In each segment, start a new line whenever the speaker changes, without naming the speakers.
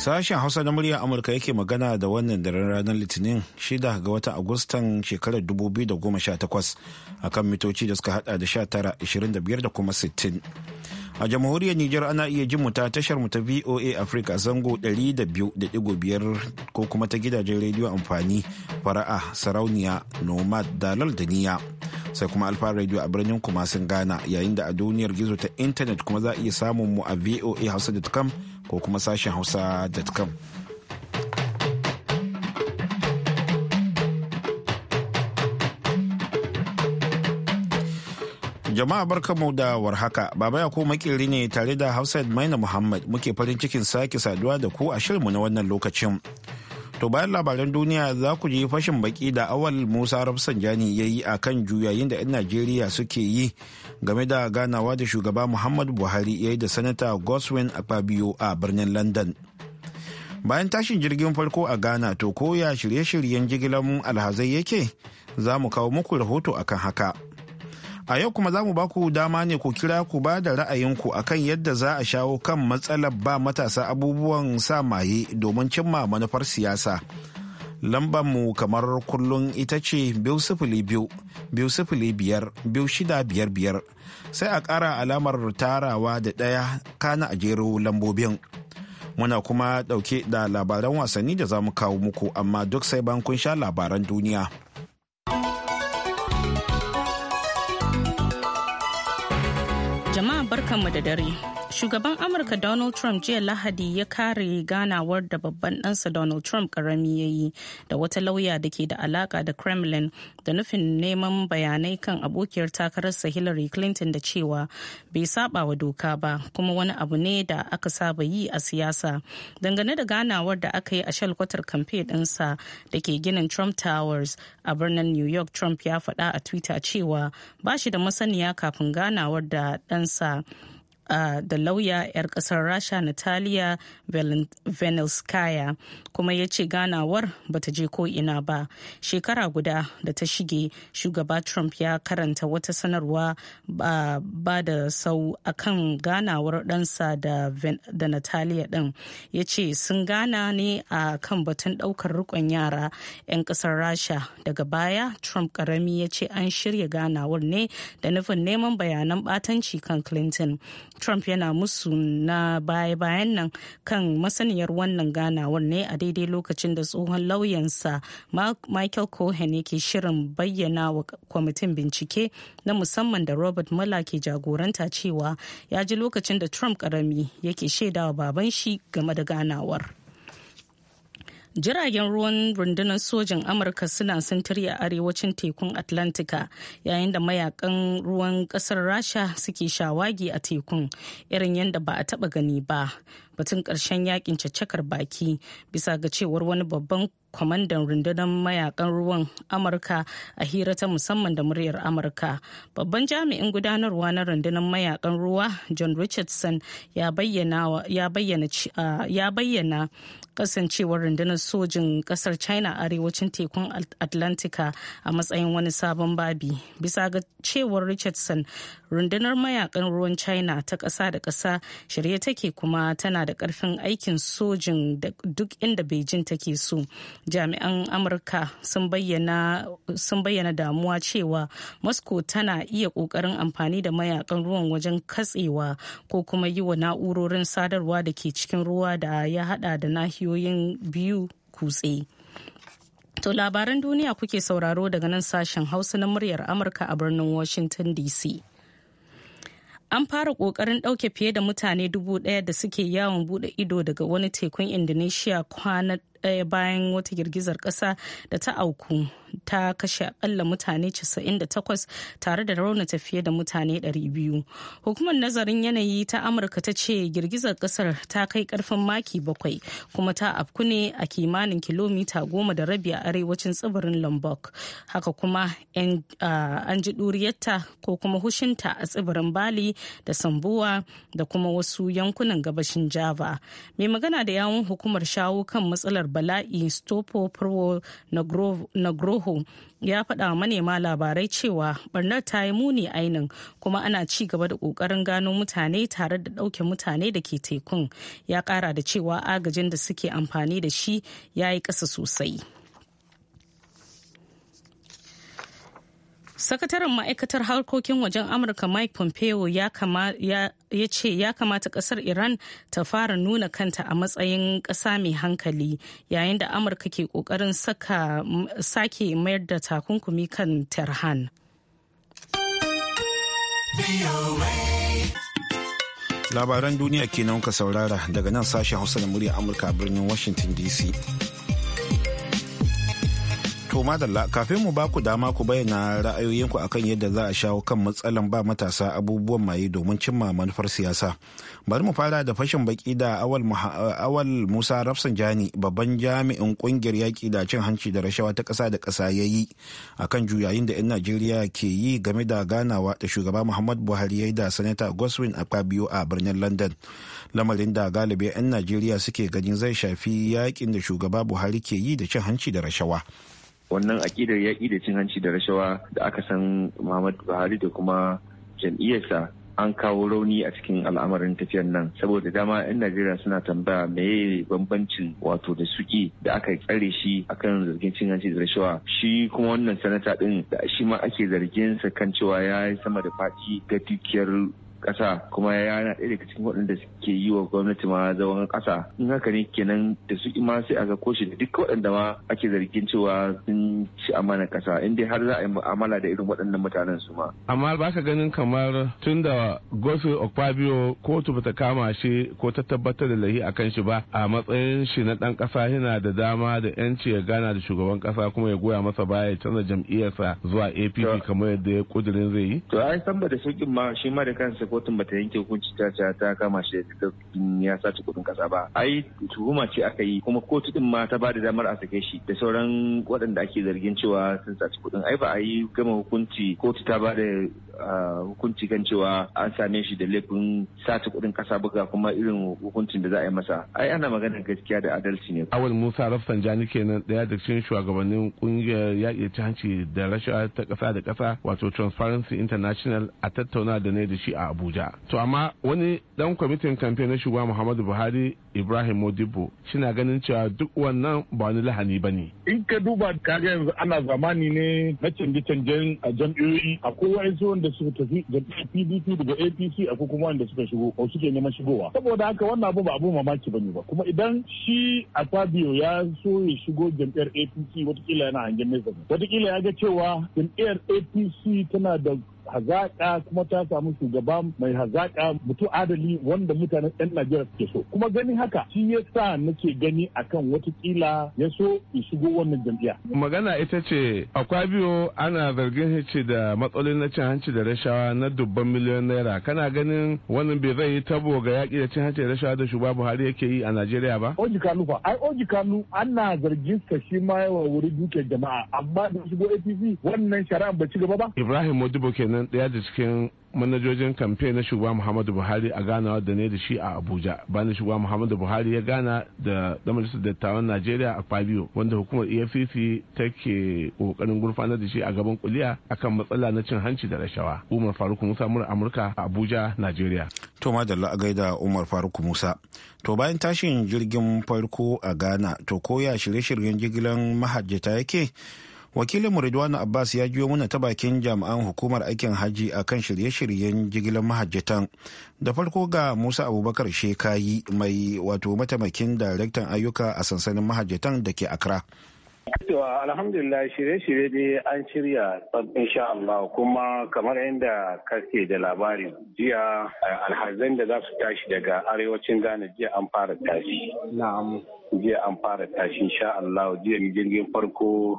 Sashen Hausa na murya Amurka yake magana da wannan daren ranar Litinin shida ga wata Agustan shekarar 2018 kan mitoci da suka hada da 1925 da kuma 60. a jamhuriyar Nijar ana iya jin mu ta tashar mu ta VOA Africa zango 200.5 ko kuma ta gidajen rediyo amfani fara'a sarauniya nomad dalal da niya sai kuma alfa radio a birnin kumasin Ghana yayin da a duniyar gizo ta intanet kuma za a iya samun mu a voa hausa.com ko kuma sashen hausa.com jama'a barkamu da warhaka baba ya ko makeri ne tare da hausa maina muhammad muke farin cikin sake saduwa da ku a shirinmu na wannan lokacin To bayan labaran duniya za ku ji fashin baki da awal Musa Rafsanjani ya yi a kan juyayin da 'yan Najeriya suke yi game da ganawa da shugaba Muhammadu Buhari ya yi da Sanata Goswin Akpabio a birnin London. Bayan tashin jirgin farko a Ghana to koya shirye-shiryen jigilar alhazai yake za mu kawo muku rahoto akan haka. A yau kuma za mu ba ku dama ne ku kira ku ba da ra'ayinku a kan yadda za a shawo kan matsalar ba matasa abubuwan sa maye domin cimma manufar siyasa. Lambar mu kamar kullum ita ce biyu sifili biyu, biyu sifili biyar, biyu shida biyar biyar. Sai a ƙara alamar tarawa da ɗaya kana a jero lambobin. Muna kuma ɗauke da labaran wasanni da za mu kawo muku amma duk sai ban sha labaran duniya.
shirinmu da dare. Shugaban Amurka Donald Trump jiya Lahadi ya kare ganawar da babban ɗansa Donald Trump karami ya yi da wata lauya da ke da alaka da Kremlin da nufin neman bayanai kan abokiyar takararsa Hillary Clinton da cewa bai saba wa doka ba kuma wani abu ne da aka saba yi a siyasa. Dangane da ganawar da aka yi a shalkwatar kamfe ɗinsa da ke ginin Trump Towers a birnin New York, Trump ya faɗa a Twitter cewa ba shi da masaniya kafin ganawar da ɗansa. da lauya 'yar kasar rasha natalia venelskaya kuma ya ce ganawar bata je ko ina ba shekara guda da ta shige shugaba trump ya karanta wata sanarwa ba da sau a kan ganawar ɗansa da natalia ɗin ya ce sun gana ne a kan batun ɗaukar rikon yara 'yan kasar rasha daga baya trump karami ya ce an shirya ganawar ne da nufin neman bayanan batanci kan clinton Trump yana musu na baya-bayan nan kan masaniyar wannan ganawar ne a daidai lokacin da tsohon lauyansa Michael Cohen yake shirin bayyana wa kwamitin bincike na musamman da Robert Mueller ke jagoranta cewa ya ji lokacin da Trump karami yake shaidawa baban shi game da ganawar. jiragen ruwan rundunar sojin amurka suna sintiri a arewacin tekun atlantika yayin da mayakan ruwan kasar rasha suke shawagi a tekun irin yadda ba a taba gani ba batun karshen yakin caccakar baki bisa ga cewar wani babban kwamandan rundunar mayakan ruwan amurka a hira ta musamman da muryar amurka babban jami'in gudanarwa na rundunar mayakan ruwa john richardson ya bayyana kasancewar rundunar sojin kasar china arewacin tekun atlantika a matsayin wani sabon babi bisa ga cewar richardson rundunar mayakan ruwan china ta kasa da kasa shirye take kuma tana da ƙarfin aikin sojin duk inda beijing take so jami'an amurka sun bayyana damuwa cewa moscow tana iya kokarin amfani da mayakan ruwan wajen katsewa ko kuma yi wa na'urorin sadarwa da ke cikin ruwa da ya hada da nahiyoyin biyu kutse To labaran duniya kuke sauraro daga nan sashen hausa na muryar amurka a birnin washington dc an fara kokarin ɗauke fiye da mutane dubu daya da suke yawon bude ido daga wani tekun indonesia ɗaya bayan wata girgizar ƙasa da ta auku ta kashe akalla mutane 98 tare da raunata fiye da mutane 200 hukumar nazarin yanayi ta amurka ta ce girgizar kasar ta kai karfin maki bakwai kuma ta afku ne a kimanin kilomita goma da rabi a arewacin tsibirin lombok haka kuma ah, an ji ɗuriyarta ko kuma hushinta a tsibirin bali da sambuwa da kuma wasu yankunan gabashin java mai magana da yawun hukumar shawo kan matsalar bala'i stopo pro nagrovo Soho ya faɗa manema labarai cewa barnar ta yi muni ainin kuma ana ci gaba da ƙoƙarin gano mutane tare da ɗauke mutane da ke tekun ya ƙara da cewa agajin da suke amfani da shi ya yi ƙasa sosai. sakataren ma'aikatar harkokin wajen amurka mike pompeo ya, ce ya kamata kasar iran ta fara nuna kanta a matsayin kasa mai hankali yayin da amurka ke ƙoƙarin sake mayar da takunkumi kan tehran
labaran duniya kenan ka saurara daga nan sashen hausa da murya amurka a birnin washington dc To madalla kafin mu ba ku dama ku bayyana ra'ayoyinku akan yadda za a shawo kan matsalan ba matasa abubuwan maye domin cimma manufar siyasa. Bari mu fara da fashin baki da awal Musa Rafsanjani babban jami'in kungiyar yaƙi da cin hanci da rashawa ta ƙasa da ƙasa ya yi akan juyayin da 'yan Najeriya ke yi game da ganawa da shugaba Muhammad Buhari ya yi da Sanata Goswin Akpabio a birnin London. Lamarin da galibi 'yan Najeriya suke ganin zai shafi yaƙin da shugaba Buhari ke yi da cin hanci da
rashawa. wannan akidar yaƙi da cin hanci da rashawa da aka san Muhammad Buhari da kuma jam'iyyarsa an kawo rauni a cikin al'amarin tafiyar nan saboda dama 'yan najeriya suna tambaya meye bambancin wato da suke da aka tsare shi akan zargin cin hanci da rashawa shi kuma wannan sanata ɗin, da shi ma ake zargin sa kan cewa ya yi sama da faci ga dukiyar kasa kuma ya yana ɗaya daga cikin waɗanda ke yi wa gwamnati ma zaman kasa in haka ne kenan da su ma sai a koshi da duk waɗanda ma ake zargin cewa sun ci amana kasa in dai har za a yi mu'amala da irin waɗannan mutanen su ma.
amma
ba ka ganin kamar tun da gosu okpabio kotu bata kama shi ko ta tabbatar da lahi akan shi ba a matsayin shi na ɗan kasa yana da dama da yanci ya gana da shugaban kasa kuma ya goya masa baya ya canza jam'iyyarsa zuwa APP kamar yadda ya kudirin zai yi.
to ai san ba da sauƙin ma shi ma da kansa kotun bata yanke hukunci ta ce ta kama shi da ya sace kudin kasa ba ai tuhuma ce aka yi kuma kotu din ma ta ba da damar a sake shi da sauran waɗanda ake zargin cewa sun sace kudin ai ba a yi gama hukunci kotu ta ba da hukunci kan cewa an same shi da laifin sace kudin kasa buga kuma irin hukuncin da za a yi masa ai ana magana gaskiya da adalci ne
awal musa rafsanjani kenan daya da cikin shugabannin kungiyar yaƙi ta hanci da rashawa ta ƙasa da ƙasa wato transparency international a tattauna da ne da shi a abuja to amma wani dan kwamitin kamfe na shugaba muhammadu buhari Ibrahim Modibo shina ganin cewa duk wannan ba wani lahani ba ne.
In ka duba kaga yanzu ana zamani ne na canje-canjen a jam'iyyoyi akwai wa'ansu wanda
suka tafi jam'iyyar PDP daga APC akwai kuma wanda suka shigo ko suke neman shigowa.
Saboda haka wannan abu ba abu mamaki bane ba kuma idan shi a Fabio ya so ya shigo jam'iyyar APC watakila yana hangen nesa watakila ya ga cewa jam'iyyar APC tana da hazaƙa kuma ta samu shugaba mai hazaƙa mutu adali wanda mutanen 'yan Najeriya suke so. Kuma gani haka shi ya sa nake gani akan watakila ya so in shigo wannan jam'iyya.
Magana ita ce akwabio ana zargin shi da matsalolin na cin hanci da rashawa na dubban miliyon naira. Kana ganin wannan bai zai tabo ga yaƙi da cin hanci da rashawa da shugaba Buhari yake yi a Najeriya ba?
Oji Kanu fa, ai Oji Kanu ana zargin sa shi ma yawa wuri dukiyar jama'a amma da shigo APC wannan shari'a ba ci gaba ba.
Ibrahim Modibo kenan ɗaya da cikin manajojin kamfe na shugaba muhammadu buhari a ganawa da ne da shi a abuja bani shugaba muhammadu buhari ya gana da da dattawan najeriya a fabio wanda hukumar efcc ta ke kokarin gurfanar da shi a gaban kuliya akan matsala na cin hanci da rashawa
umar faruk musa mura amurka a abuja najeriya to madalla a gaida umar faruk musa to bayan tashin jirgin farko a ghana to koya shirye-shiryen jigilan mahajjata yake wakilin Ridwanu abbas ya jiyo mana ta bakin jami'an hukumar aikin hajji a kan shirye-shiryen jigilar mahajjatan da farko ga musa abubakar shekayi mai wato mataimakin daraktan ayyuka a sansanin mahajjatan da ke accra
alhamdulillah shirye-shirye ne an shirya insha Allah kuma kamar yadda kake da labari jiya eh, alhazan da za su tashi daga arewacin Ghana jiya an fara tashi. Na'am. Jiya an fara tashi insha Allah jiya jirgin farko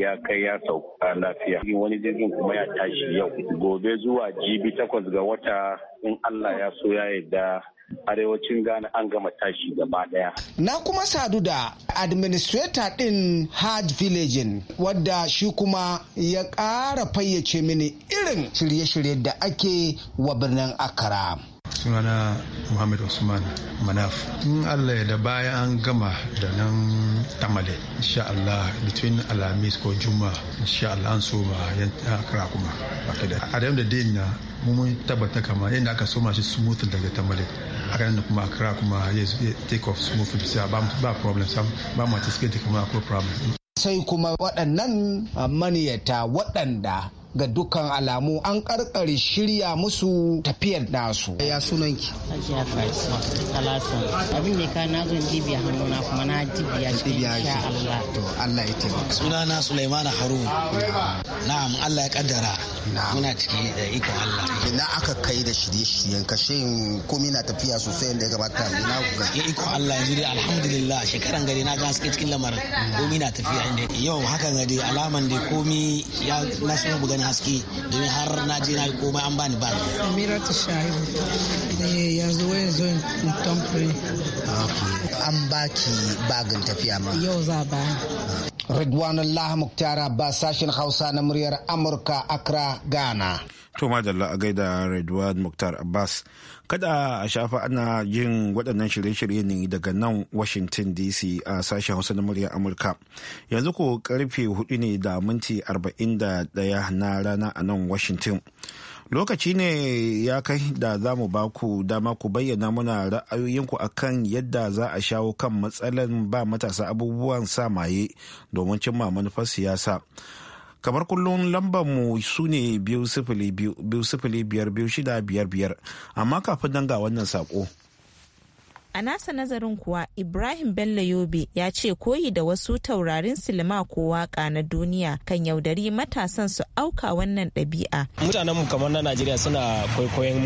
ya kai ya sauka lafiya wani jirgin kuma ya tashi yau gobe zuwa jibi takwas ga wata in allah ya so ya yarda arewacin Ghana an gama tashi gaba daya.
Na kuma sadu da administrator din Hard Village wadda shi kuma ya ƙara fayyace mini irin shirye shiryen da ake wa birnin Akara. sunana muhammad usman manaf in allah ya da bayan an gama da nan tamale insha allah between alhamis ko juma insha allah an soma yan kira kuma a da da din na mun tabbata kama yadda aka soma shi smooth daga tamale haka da kuma kira kuma ya take off smooth siya ba problem sam ba mu anticipate kuma akwai problem
sai kuma waɗannan maniyata waɗanda ga dukkan alamu an karkare
shirya musu tafiyar nasu. Ya sunan ki?
Hajiya Faisal Talatan. Abin da ka na zon dibiya hannuna kuma na dibiya cikin insha Allah. To Allah ya taimaka. Sunana Sulaiman Harun. Na'am Allah ya kaddara. Muna ciki da ikon Allah. Ina aka kai da shirye-shiryen kashe komai na tafiya sosai yadda ya gabata ina ga. ikon Allah yanzu dai alhamdulillah shekaran gari na ga suke cikin lamarin mm. komai na tafiya inda yau haka ga dai alaman dai komai ya na so bani haske domin har na je na yi komai an bani bani
amiratu shahiru eh, yanzu wani zo in
ah, an baki bagin tafiya ma yau za ba Ridwanullah Muktar Abbas sashen Hausa na muryar Amurka Accra Ghana. To madalla a gaida Ridwan Muktar Abbas. Kada a shafa ana jin waɗannan shirye-shirye ne daga nan Washington DC a sashen Hausa na muryar Amurka. Yanzu ko karfe hudu ne da minti 41 na rana a nan Washington. lokaci ne ya kai da za mu ba ku dama ku bayyana muna ra'ayoyinku akan yadda za a shawo kan matsalan ba matasa abubuwan sa maye domin cimma manufar siyasa kamar kullum lambar mu su ne biyu sifili biyar biyu shida biyar biyar amma kafin nan ga wannan sako.
A nasa nazarin kuwa Ibrahim Bello Yobe ya ce koyi da wasu taurarin silima ko waka na duniya kan yaudari matasan su auka wannan ɗabi'a.
Mutanen mu kamar na Najeriya suna kwaikwayon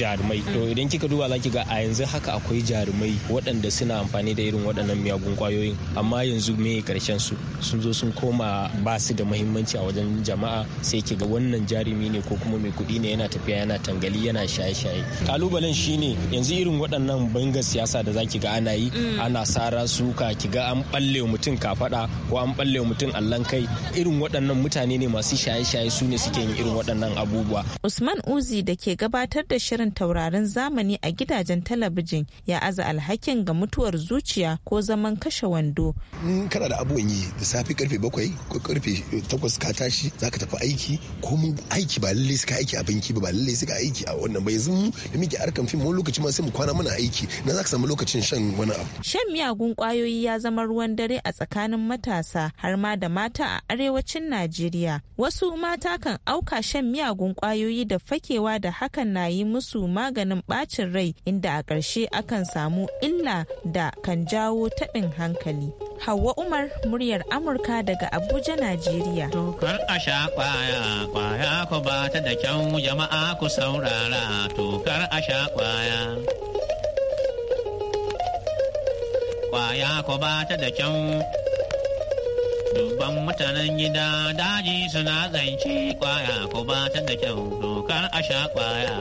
jarumai. To idan kika duba za ki ga a yanzu haka akwai jarumai waɗanda suna amfani da irin waɗannan miyagun kwayoyin amma yanzu me karshen su sun zo sun koma ba su da muhimmanci a wajen jama'a sai ki ga wannan jarumi ne ko kuma mai kuɗi ne yana tafiya yana tangali yana shaye-shaye. Kalubalen shine yanzu irin waɗannan bangas siyasa da zaki ga ana yi mm. ana sara suka ki ga an balle mutum kafada ko an balle mutum allan kai irin waɗannan mutane ne masu shaye-shaye su ne suke yin irin waɗannan abubuwa.
Usman Uzi da ke gabatar da shirin taurarin zamani a gidajen talabijin ya aza alhakin ga mutuwar zuciya ko zaman kashe wando.
In kana da abubuwan yi da safe karfe
bakwai ko karfe takwas ka tashi za ka tafi aiki ko mun aiki ba lallai suka aiki a banki ba ba lallai suka aiki a wannan ba yanzu da muke arkan fim wani lokaci ma sai mu kwana muna aiki na za ka samu lokacin shan wani abu.
Shan miyagun kwayoyi ya zama ruwan dare a tsakanin matasa har ma da mata a arewacin Najeriya. Wasu mata kan auka shan miyagun kwayoyi da fakewa da hakan na yi musu maganin bacin rai inda a ƙarshe akan samu illa da kan jawo taɓin hankali. Hauwa Umar muryar Amurka daga Abuja, Najeriya. Tokar
a sha kwaya, kwaya ku ba ta da kyau jama'a ku saurara, tokar a sha kwaya. kwaya ko ba ta da kyau. Dubban mutanen gida daji suna zance kwaya ko ba ta da kyau dokar a sha kwaya.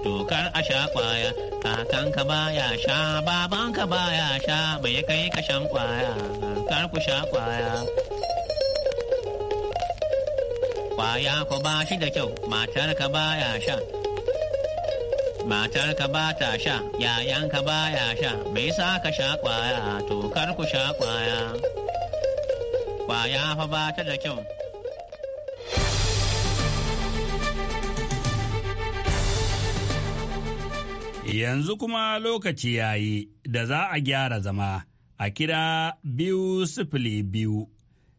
Dokar a sha kwaya, kakanka ya sha, babanka ya sha, bai kai shan kwaya, kar ku sha kwaya. Kwaya ko ba shi da kyau, matar ka ba ya sha. matarka ba ta sha yayanka ba ya sha bai sa ka sha kwaya to kar ku sha kwaya kwaya fa ba ta da kyau
yanzu kuma lokaci yayi da za a gyara zama a kira biyu sifili biyu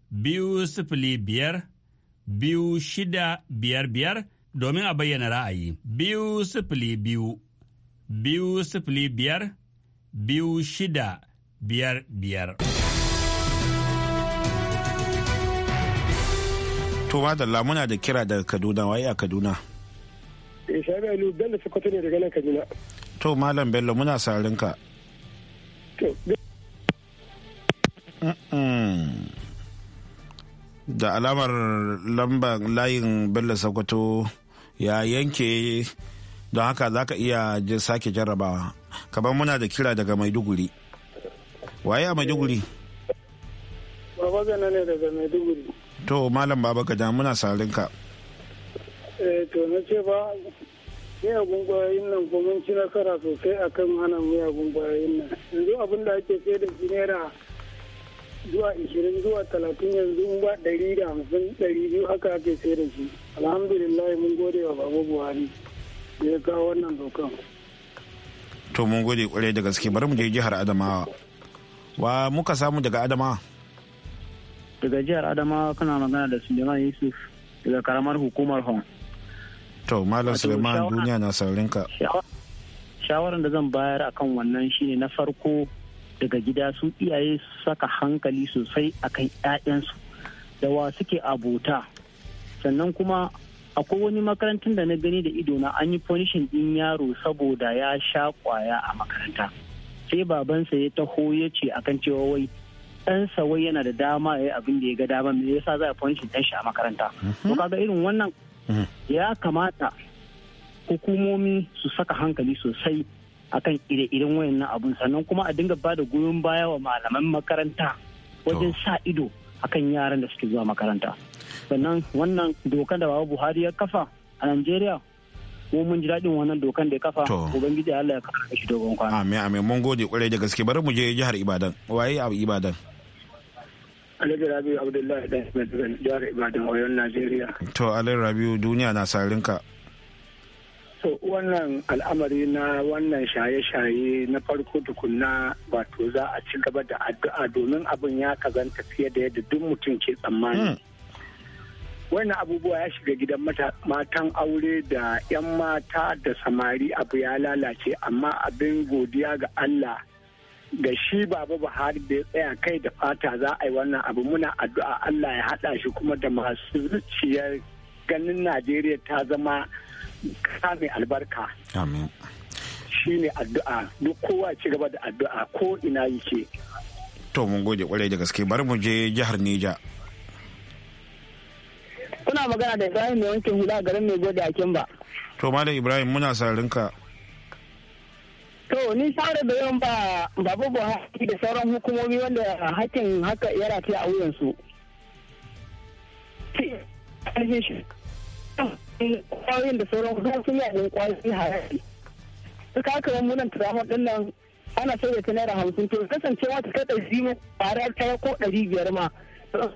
biyu sifili biyar biyu shida biyar biyar domin a bayyana ra'ayi biyu sifili biyu biyu sifili biyar biyu shida biyar biyar.
To da muna da kira daga Kaduna waye a Kaduna.
Eh, Shabi Aliyu Bello Sokoto ne daga nan Kaduna.
To Malam Bello muna sarin ka. Da alamar lambar layin Bello Sokoto ya yanke don haka za ka iya sake jarrabawa kamar muna da kira daga maiduguri waye a maiduguri
baba gana ne daga maiduguri
to malam baba gada muna sarinka
eh to na ce ba miyagun kwayoyin nan ko mun ci nasara sosai akan hana miyagun kwayoyin nan yanzu abin da ake sai da shi naira zuwa ishirin zuwa talatin yanzu ba ɗari da hamsin ɗari biyu haka ake sai da shi alhamdulillah mun gode wa babu buhari da ya kawo wannan dokan
to mun gode kware da gaske bari mu je jihar adamawa wa muka samu daga adamawa
daga jihar adamawa kana magana da suleiman yusuf daga karamar hukumar Hong.
to malam suleiman duniya na saurinka
shawaran da zan bayar akan wannan shine na farko daga gida su iyaye su saka hankali sosai akan 'ya'yansu da wa suke abota sannan kuma akwai wani makarantar da na gani da idona an yi punishin din yaro saboda ya sha kwaya a makaranta sai babansa ya taho ya ce akan cewa wai ɗansa wai yana da dama ya yi abin da ya ga dama me yasa za a punishin ɗan shi a makaranta mhm. to kaga irin wannan mhm. ya kamata hukumomi su saka hankali sosai akan ire-iren wayannan abun sannan kuma a dinga bada goyon baya wa malaman makaranta wajen sa ido akan yaran da suke zuwa makaranta sannan wannan dokan da baba buhari ya kafa a najeriya mun mun ji daɗin wannan dokan da ya kafa ubangiji allah ya kafa shi dogon
kwana amin amin mun gode kwarai da gaske bari mu je jihar ibadan waye a ibadan
Alhaji Rabiu Abdullahi da jihar Ibadan, Oyon, Najeriya.
To, Alhaji Rabiu, duniya na sarinka.
so wannan al'amari na wannan shaye-shaye na farko tukunna wato za a ci gaba da addu'a domin abin ya kazanta fiye da yadda duk mutum ke tsammani hmm. wannan abubuwa ya shiga gidan
matan aure da 'yan mata da samari abu ya lalace amma abin godiya ga allah ga shi baba buhari da ya tsaya kai da fata za a yi wannan abu muna addu'a allah ya haɗa shi kuma da masu zuciyar ganin najeriya ta zama sami albarka amin shi ne addu'a duk kowa ci gaba da addu'a ko ina yake
to mun gode kwarai da gaske bari mu je jihar Neja
kuna magana da Ibrahim mai wankin hula garin mai gode a
Kimba to malam Ibrahim muna sararin ka
to ni shawara da yawan ba babu Buhari da sauran hukumomi wanda hakin haka ya rataya a wuyansu kwayoyin da sauran za sun yi abin kwayoyi haraji su kaka wani munan turamar din nan ana sai da ta naira hamsin to kasancewa ta kai ɗari mu ƙwara ta ko ɗari biyar ma ta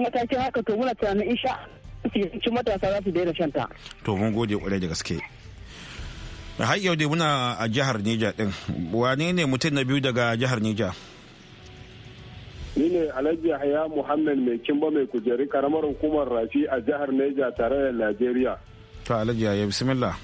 matakin haka to muna tunanin insha yawancin matasa za su daina shan ta.
to mun gode kwarai da gaske har yau dai muna a jihar Neja din wane ne mutum na biyu daga jihar Neja?
Ni ne Alhaji Yahaya Muhammad mai kimba mai kujeru karamar hukumar Rafi a jihar Neja tare da Najeriya.
Ta Alhaji Yahaya bismillah.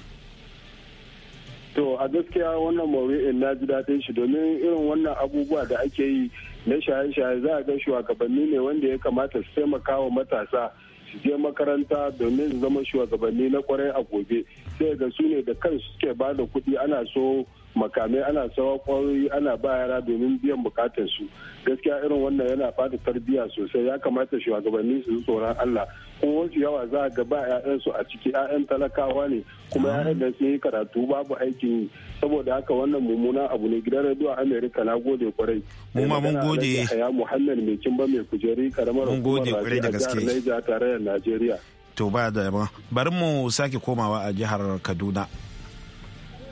To a gaskiya wannan in na ji daɗin shi domin irin wannan abubuwa da ake yi na shaye-shaye za a ga shugabanni ne wanda ya kamata su taimaka wa matasa su je makaranta domin su zama shugabanni na kwarai a gobe sai ga su ne da kansu suke ba da kuɗi ana so makamai ana sawa kwayoyi ana ba yara domin biyan bukatar su gaskiya irin wannan yana fata tarbiyya sosai ya kamata shugabanni su tsoron Allah kuma wasu yawa za a ga ba 'ya'yansu a ciki 'ya'yan talakawa ne kuma 'ya'yan ah. da sun yi karatu babu aikin yi saboda haka wannan mumuna abu ne gidan radio America na gode kwarai mu ma mun gode ya Muhammad mai kimba mai kujeri karamar mun gode kwarai da gaske tare da Najeriya
to ba da bari mu sake komawa a jihar Kaduna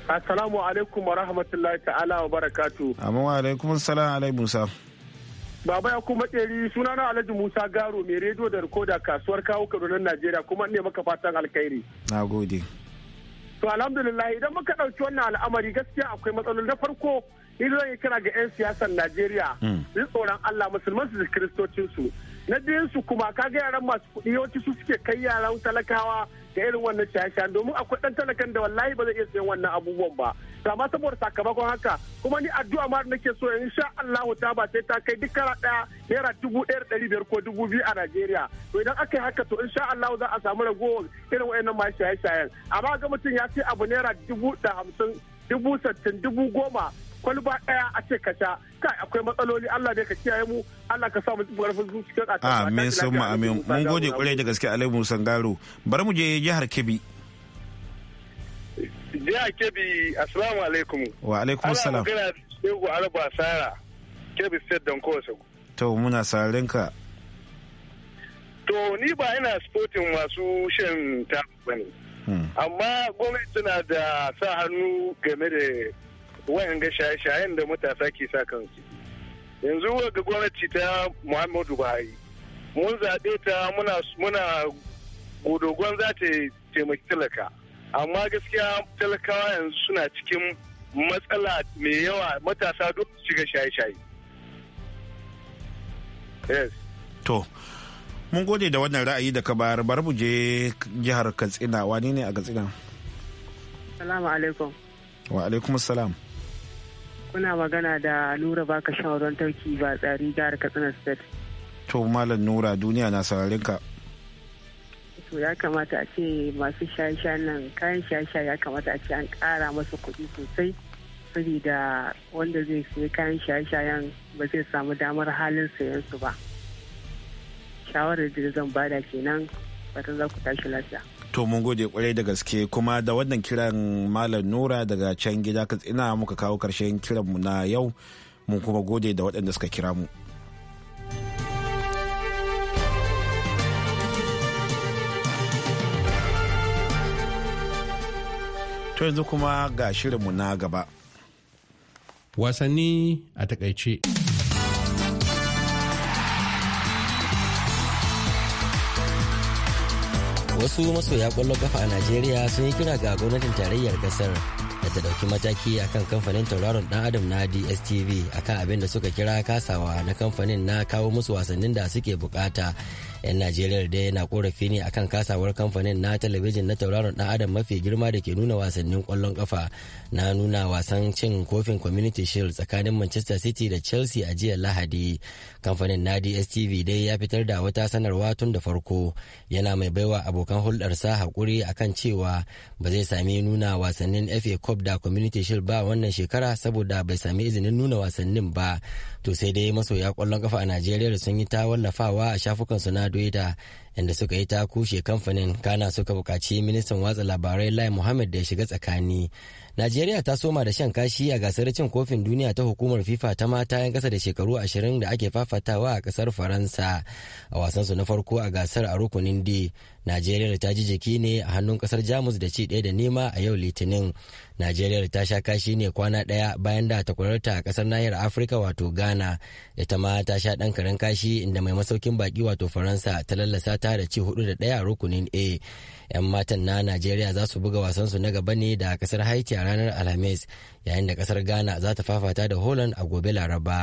Assalamu alaikum wa rahmatullahi ta'ala wa barakatu.
amin wa alaikum salam alai Musa.
Baba ya kuma tseri suna na Alhaji Musa Garo mai rediyo da rikoda kasuwar kawo kadunan Najeriya kuma ne maka fatan alkhairi. Na gode. To alhamdulillah idan muka ɗauki wannan al'amari gaskiya akwai matsaloli na farko ni zan yi kira ga 'yan siyasar Najeriya. Hmm. Su tsoron Allah musulman su da su Na biyun su kuma ga yaran masu kuɗi yawanci su suke kai yaran talakawa daga irin wannan shaye domin akwai dan talakan da wallahi ba zai iya sayan wannan abubuwan ba ma saboda sakamakon haka kuma ni addu'a ma nake so in sha Allahu ta ba sai ta kai duk kara daya naira dubu ɗaya ɗari biyar ko dubu biyu a Najeriya to idan aka yi haka to sha Allahu za a samu ragowar irin wayannan ma shaye-shayen amma ga mutum ya ce abu naira dubu da hamsin dubu sittin dubu goma kwalba ɗaya a ce ka sha kai akwai matsaloli Allah dai ka kiyaye mu Allah ka sa mu ƙarfin zuciya a amin sun mu amin mun gode ƙwarai da
gaske Alai Musa Garo bari mu je jihar Kebbi
jihar Kebbi assalamu alaikum
wa alaikum assalam ana
magana Shehu Araba Sara Kebbi State Danko
to muna sarin ka
to ni ba ina sporting masu shan ta bane hmm. amma gwamnati tana da sa hannu game da wayan ga shaye-shayen da matasa ke sa kansu yanzu ga gwamnati ta muhammadu buhari mun zaɓe ta muna muna godogon za ta taimaki talaka amma gaskiya talakawa yanzu suna cikin matsala mai yawa matasa duk shiga shaye-shaye yes
to mun gode da wannan ra'ayi da ka bayar bar mu je jihar katsina wani ne a katsina
salamu alaikum
wa alaikum salam
kuna magana da Nura baka shan ruwan tauki ba tsari jihar Katsina State.
To Malam Nura duniya na sararin ka.
To ya kamata a ce masu shaye nan kayan shaye ya kamata a ce an ƙara masa kuɗi sosai. Saboda wanda zai sayi kayan shaye ba zai samu damar halin sayan su ba. Shawarar da zan bada kenan fatan za ku tashi lafiya.
To mun gode kwarai da gaske kuma da wannan kiran Malam Nura daga can gida Katsina muka kawo karshen mu na yau mun kuma gode da waɗanda suka kira mu. To yanzu kuma ga shirin mu na gaba.
Wasanni a takaice. wasu masoya kwallon kafa a najeriya sun yi kira ga gwamnatin tarayyar kasar da ta dauki mataki akan kamfanin tauraron dan adam na dstv akan abin da suka kira kasawa na kamfanin na kawo musu wasannin da suke bukata 'yan najeriya dai yana korafi ne akan kasawar kamfanin na talabijin na tauraron dan adam mafi girma da ke nuna wasannin kwallon kafa na nuna wasan cin kofin community shield tsakanin manchester city da chelsea a jiya lahadi kamfanin na dstv dai ya fitar da wata sanarwa tun da farko yana mai baiwa abokan hulɗarsa hakuri akan cewa ba zai sami nuna wasannin fa cup da community shield ba wannan shekara saboda bai sami izinin nuna wasannin ba to sai dai masoya kwallon kafa a najeriya sun yi ta wallafawa a shafukansu na doida inda suka yi ta kushe kamfanin kana suka buƙaci ministan watsa labarai lai muhammad da ya shiga tsakani najeriya ta soma da shan kashi a gasar cin kofin duniya ta hukumar fifa ta mata yan ƙasa da shekaru ashirin da ake fafatawa a ƙasar faransa a wasansu na farko a gasar a rukunin d najeriya ta ji jiki ne a hannun ƙasar jamus da ci ɗaya da nema a yau litinin najeriya ta sha kashi ne kwana ɗaya bayan da ta kwararta a ƙasar nahiyar afirka wato ghana ita ma ta sha ɗan karen kashi inda mai masaukin baki wato faransa ta lallasa ta ta da ci hudu da daya rukunin a yan matan na najeriya za su buga wasansu na gaba ne da kasar haiti a ranar alhamis yayin da kasar ghana za ta fafata da holland a gobe laraba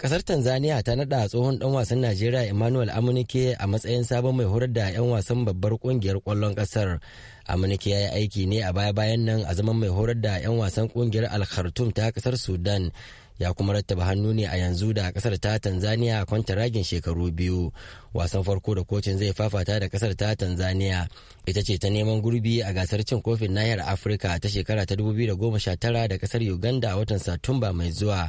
kasar tanzania ta nada tsohon dan wasan najeriya emmanuel amunike a matsayin sabon mai horar da 'yan wasan babbar kungiyar kwallon kasar amunike ya yi aiki ne a baya-bayan nan a zaman mai horar da 'yan wasan kungiyar alkhartum ta kasar sudan ya kuma rattaba hannu ne a yanzu da kasar ta tanzania a ragin shekaru biyu wasan farko da kocin zai fafata da kasar ta tanzania ita ce ta neman gurbi a gasar cin kofin nahiyar afirka ta shekara ta 2019 da kasar uganda a watan satumba mai zuwa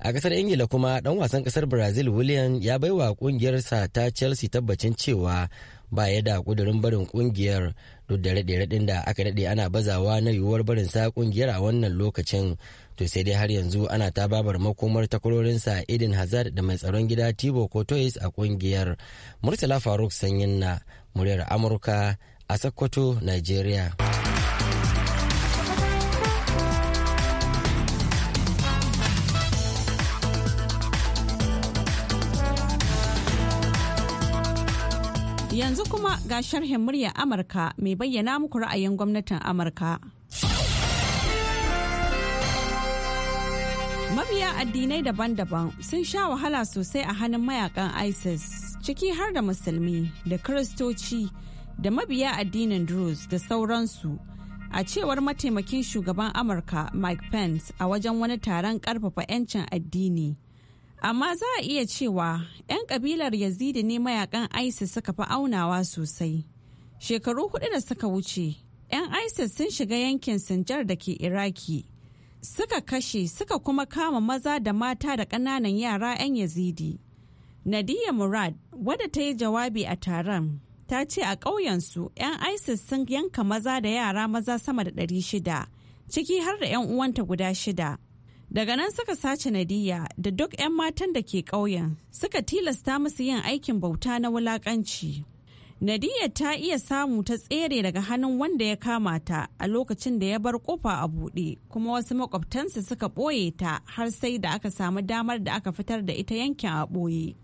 a kasar ingila kuma dan wasan kasar brazil william ya baiwa kungiyarsa ta chelsea tabbacin cewa ba ya da kudurin barin kungiyar duk da raɗe-raɗin da aka daɗe ana bazawa na yiwuwar barin sa kungiyar a wannan lokacin to sai dai har yanzu ana ta babar makomar takwarorinsa idin Hazard da mai tsaron gida Thibaut Courtois a ƙungiyar Murtala Faruk Sanyin na muryar Amurka a Sokoto Nigeria.
Yanzu kuma ga sharhin murya Amurka mai bayyana muku ra'ayin gwamnatin Amurka. Mabiya addinai daban-daban sun sha wahala sosai a hannun mayakan ISIS ciki har da musulmi da kiristoci da mabiya addinin Druze da sauransu. A cewar mataimakin shugaban Amurka Mike Pence a wajen wani taron karfafa 'yancin addini. amma za a iya cewa 'yan kabilar yazidi ne mayakan isis suka fi aunawa sosai shekaru hudu da suka wuce 'yan isis sun shiga yankin sinjar da ke iraki suka kashe suka kuma kama maza da mata da ƙananan yara 'yan yazidi nadiya murad wadda ta yi jawabi a taron ta ce a ƙauyensu 'yan isis sun yanka maza da yara maza sama da 600 ciki har da 'yan uwanta guda shida Daga nan suka sace Nadiya da duk 'yan matan da ke ƙauyen suka tilasta musu yin aikin bauta na wulaƙanci. Nadiya ta iya samu ta tsere daga hannun wanda ya kama ta a lokacin da ya bar kofa a buɗe kuma wasu makwabtansa suka ɓoye ta har sai da aka samu damar da aka fitar da ita yankin a ɓoye.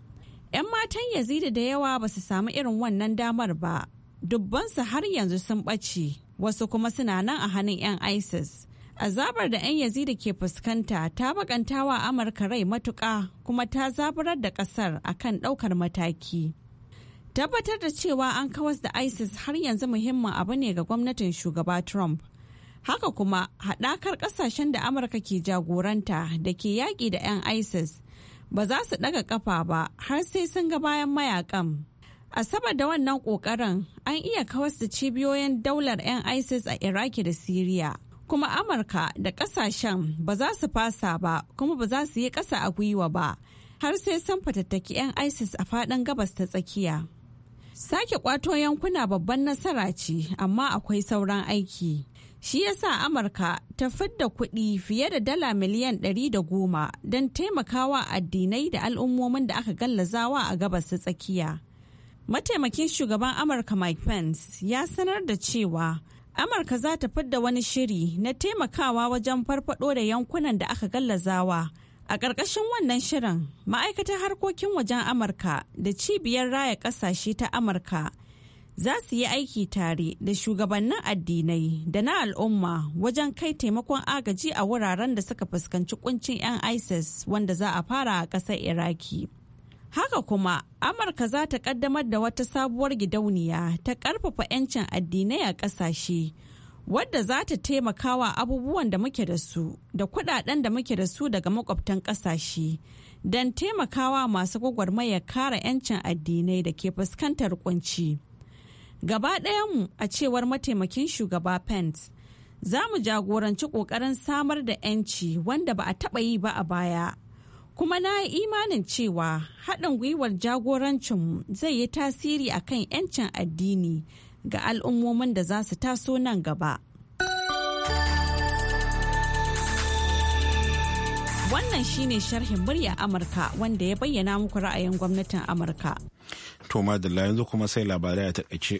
'Yan matan Yazidi da yawa ba su samu irin wannan damar ba, dubbansu har yanzu sun ɓace, wasu kuma suna nan a hannun 'yan ISIS. Azabar da 'yan da ke fuskanta ta bakanta wa Amurka rai matuƙa kuma ta zaburar da ƙasar kan ɗaukar mataki. Tabbatar da cewa an kawas da ISIS har yanzu muhimmin abu ne ga gwamnatin shugaba Trump. Haka kuma haɗakar ƙasashen da Amurka ke jagoranta da ke yaƙi da 'yan ISIS ba za su ɗaga ƙafa ba har sai sun ga bayan mayakan. Asabar da wannan ƙoƙarin an iya kawas da cibiyoyin daular 'yan ISIS a Iraki da Siriya. kuma amurka da kasashen ba za su fasa ba kuma ba za su yi ƙasa a gwiwa ba har sai san fatattaki 'yan isis a faɗin gabas ta tsakiya sake kwato yankuna babban nasara ce amma akwai sauran aiki shi ya sa amurka ta fidda kuɗi fiye da dala miliyan 110 don taimakawa addinai da al'ummomin da aka gallazawa a gabas ta tsakiya mataimakin shugaban amurka mike pence ya sanar da cewa Amurka za ta fidda wani shiri na taimakawa wajen farfado da yankunan da aka gallazawa. A ƙarƙashin wannan shirin, ma'aikatan harkokin wajen Amurka da cibiyar raya ƙasashe ta Amurka za su yi aiki tare da shugabannin addinai da na al'umma wajen kai taimakon agaji a wuraren da suka fuskanci kuncin 'yan ISIS wanda za a fara a ƙasar Iraki. Haka kuma, Amurka za ta kaddamar da wata sabuwar gidauniya ta ƙarfafa 'yancin addinai a ƙasashe, wadda za ta taimakawa abubuwan da muke da su da kudaden da muke da su daga makwabtan ƙasashe don taimakawa masu gwagwarmaya kara 'yancin addinai da ke fuskantar kunci. Gaba ɗayanmu a cewar mataimakin shugaba Pence, za mu jagoranci ƙoƙarin samar da 'yanci wanda ba a taɓa yi ba a baya kuma na yi imanin cewa haɗin gwiwar jagorancin zai yi tasiri a kan 'yancin addini ga al'ummomin da za su taso nan gaba. Wannan shi ne sharhin murya Amurka wanda ya bayyana muku ra'ayin gwamnatin Amurka.
To madalla yanzu kuma sai labarai a takaice.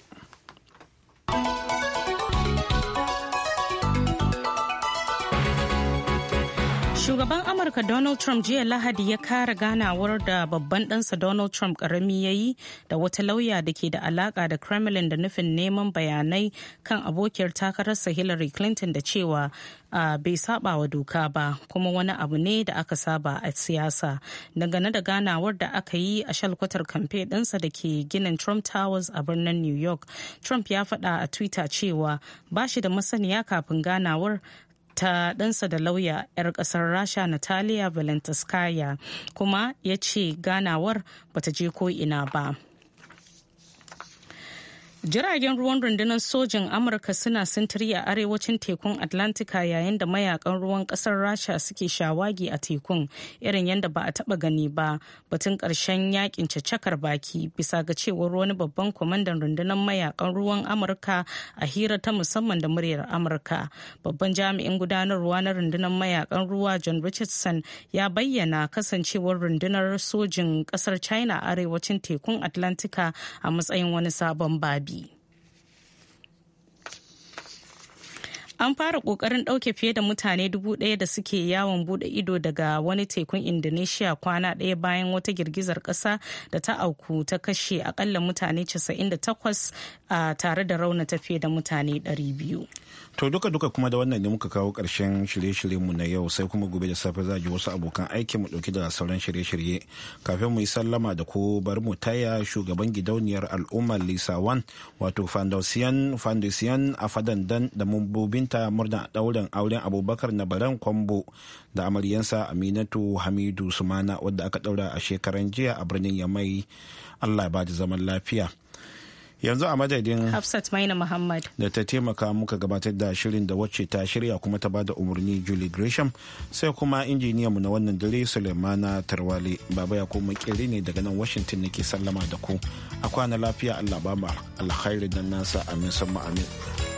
Shugaban Amurka Donald Trump jiya Lahadi ya kara ganawar da babban ɗansa Donald Trump karami ya yi da wata lauya da ke da alaƙa da Kremlin da nufin neman bayanai kan abokiyar takararsa Hillary Clinton da cewa uh, bai saba wa doka ba kuma wani abu ne da aka saba a siyasa. Dangane da ganawar da aka yi a shalkwatar kamfe ɗinsa da ke ginin Trump Towers a birnin New York, Trump ya faɗa a Twitter cewa ba shi da masaniya kafin ganawar ta ɗansa da lauya 'yar ƙasar rasha natalia valentinskaya kuma ya ce ganawar bata je ko ina ba. Jiragen ruwan rundunar sojin Amurka suna sintiri a arewacin tekun Atlantika yayin da mayakan ruwan kasar Rasha suke shawagi a tekun irin yadda ba a taba gani ba batun karshen yakin cakar baki bisa ga cewar wani babban kwamandan rundunar mayakan ruwan Amurka a hira ta musamman da muryar Amurka. Babban jami'in gudanarwa na rundunar mayakan ruwa John Richardson ya bayyana kasancewar rundunar sojin kasar China a arewacin tekun Atlantika a matsayin wani sabon babi. an fara kokarin ɗauke fiye da mutane dubu ɗaya da suke yawon bude ido daga wani tekun indonesia kwana ɗaya bayan wata girgizar ƙasa da ta auku ta kashe akalla mutane 98 tare da raunata fiye da mutane 200
To duka duka kuma da wannan ne muka kawo ƙarshen shirye mu na yau sai kuma gobe da safe za ji wasu abokan aikin mu ɗauki da sauran shirye-shirye. Kafin mu yi sallama da ko bar mu taya shugaban gidauniyar al'ummar Lisa Wan wato Fandosiyan Fandosiyan a dan da mambobinta murna ɗaurin auren Abubakar na baran Kwambo da amaryansa Aminatu Hamidu Sumana wadda aka ɗaura a shekaran jiya a birnin Yamai. Allah ba da zaman lafiya. yanzu a madadin
hafsat maina muhammad
da ta taimaka muka gabatar da shirin da wacce ta shirya kuma ta bada umarni julie gresham sai kuma mu na wannan dare sulemana tarwale baba ya kuma kere ne daga nan washington nake sallama da ku a kwana lafiya allah ba mu alkhairin nasa amin sama amin